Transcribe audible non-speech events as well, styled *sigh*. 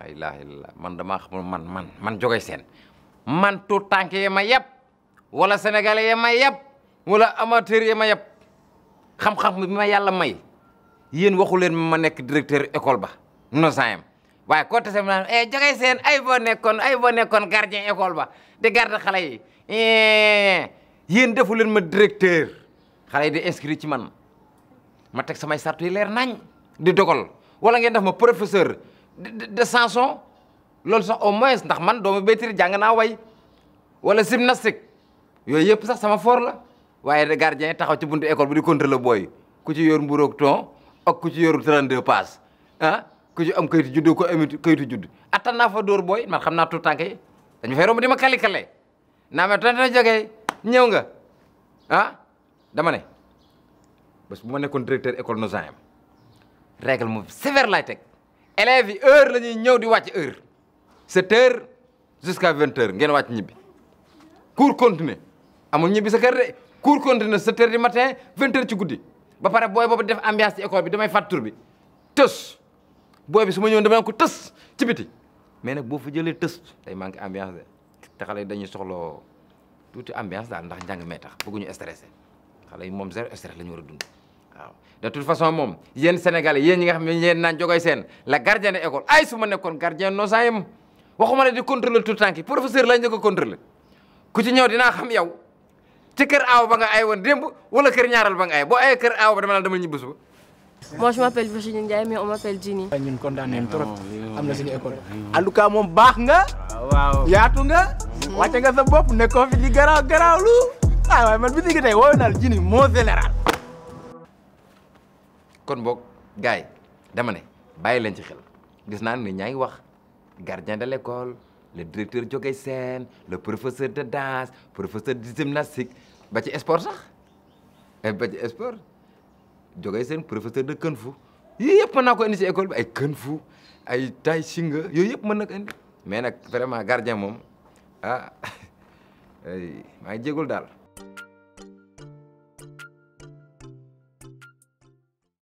laa ilaaha illallaah man damaa xamul man man man Jogay Seen man tout tànk yi ma yeb wala sénégalais yi ma yeb wala amateur ma yeb xam-xam bi ma yàlla may yéen waxu leen ma nekk directeur école ba no sayam waaye ko tase ma naan eh, Jogay Seen ay boo nekkoon ay boo nekkoon gardien école ba di garde xale yi eh, yéen defu leen ma directeur xale yi di inscrit ci man ma teg samay sartu yi leer nañ di dogal wala ngeen def ma professeur de chanson loolu sax au moins ndax man doomu béykat jàng naa way wala gymnastique yooyu yëpp sax sama for la waaye de gardien taxaw ci buntu école bi di contrôler booy ku ci yor mburoog ton ak ku ci yor 32 pass ah ku ci am kayitu judd ko amit kayitu judd. attan naa fa dóor booy man xam naa tout yi dañu fay romb di ma kali naa ma tonton jógee ñëw nga ah dama ne bés bu ma nekkoon directeur école Nozaim règle mu sévère laay teg. élèves yi la ñuy ñëw di wàcc heure sept heures jusqu'à vingt heures ngeen wàcc ñibbi cours continué amul ñibbi sa kër de cours continué di heures du matin vingt heures ci guddi ba pare booy boobu def ambiance ci école bi damay fàttur bi tës booy bi su ma ñëwoon dama ko tës ci biti mais nag boo fa jëlee tës day manqué ambiance de te xale yi dañuy soxloo tuuti ambiance daal ndax njàng mee tax bëgguñu stressé xale yi moom zéro stress la ñu war a dund waaw de façon moom yéen sénégalais yéen ñi nga seen la gardien de école ay su ma nekkoon gardien noo saa yem waxuma ne di contrôler tout le temps ki professeur lañ njëkk a contrôler ku ci ñëw dinaa xam yow ci kër aaw ba ay woon démb wala kër ñaaral ba nga ay boo ay kër aaw ba dama naan dama ñibbi suba. moi je m'appelle Virginie Ndiaye mais on m'appelle Jini. ñun kontaan nañu trop am na suñu école. en moom baax nga. Ah, yaatu nga. Mm-hmm. wàcce nga sa bopp nekkoon fi di garaaw garaawlu. ah waaye man bi si tey kon boog gars yi dama ne bàyyi leen ci xel gis naa ne ñaa ngi wax gardien de l'école le directeur Jogay Sène le professeur de danse professeur de gymnastique ba ci sport sax eh, ba ci sport Jogay Sène professeur de kung fu yii yëpp mën ko indi ci école bi ay kung fu ay tai chi nga yooyu yëpp mën na ko indi mais nag vraiment gardien moom ah *laughs* maa ngi jégul daal.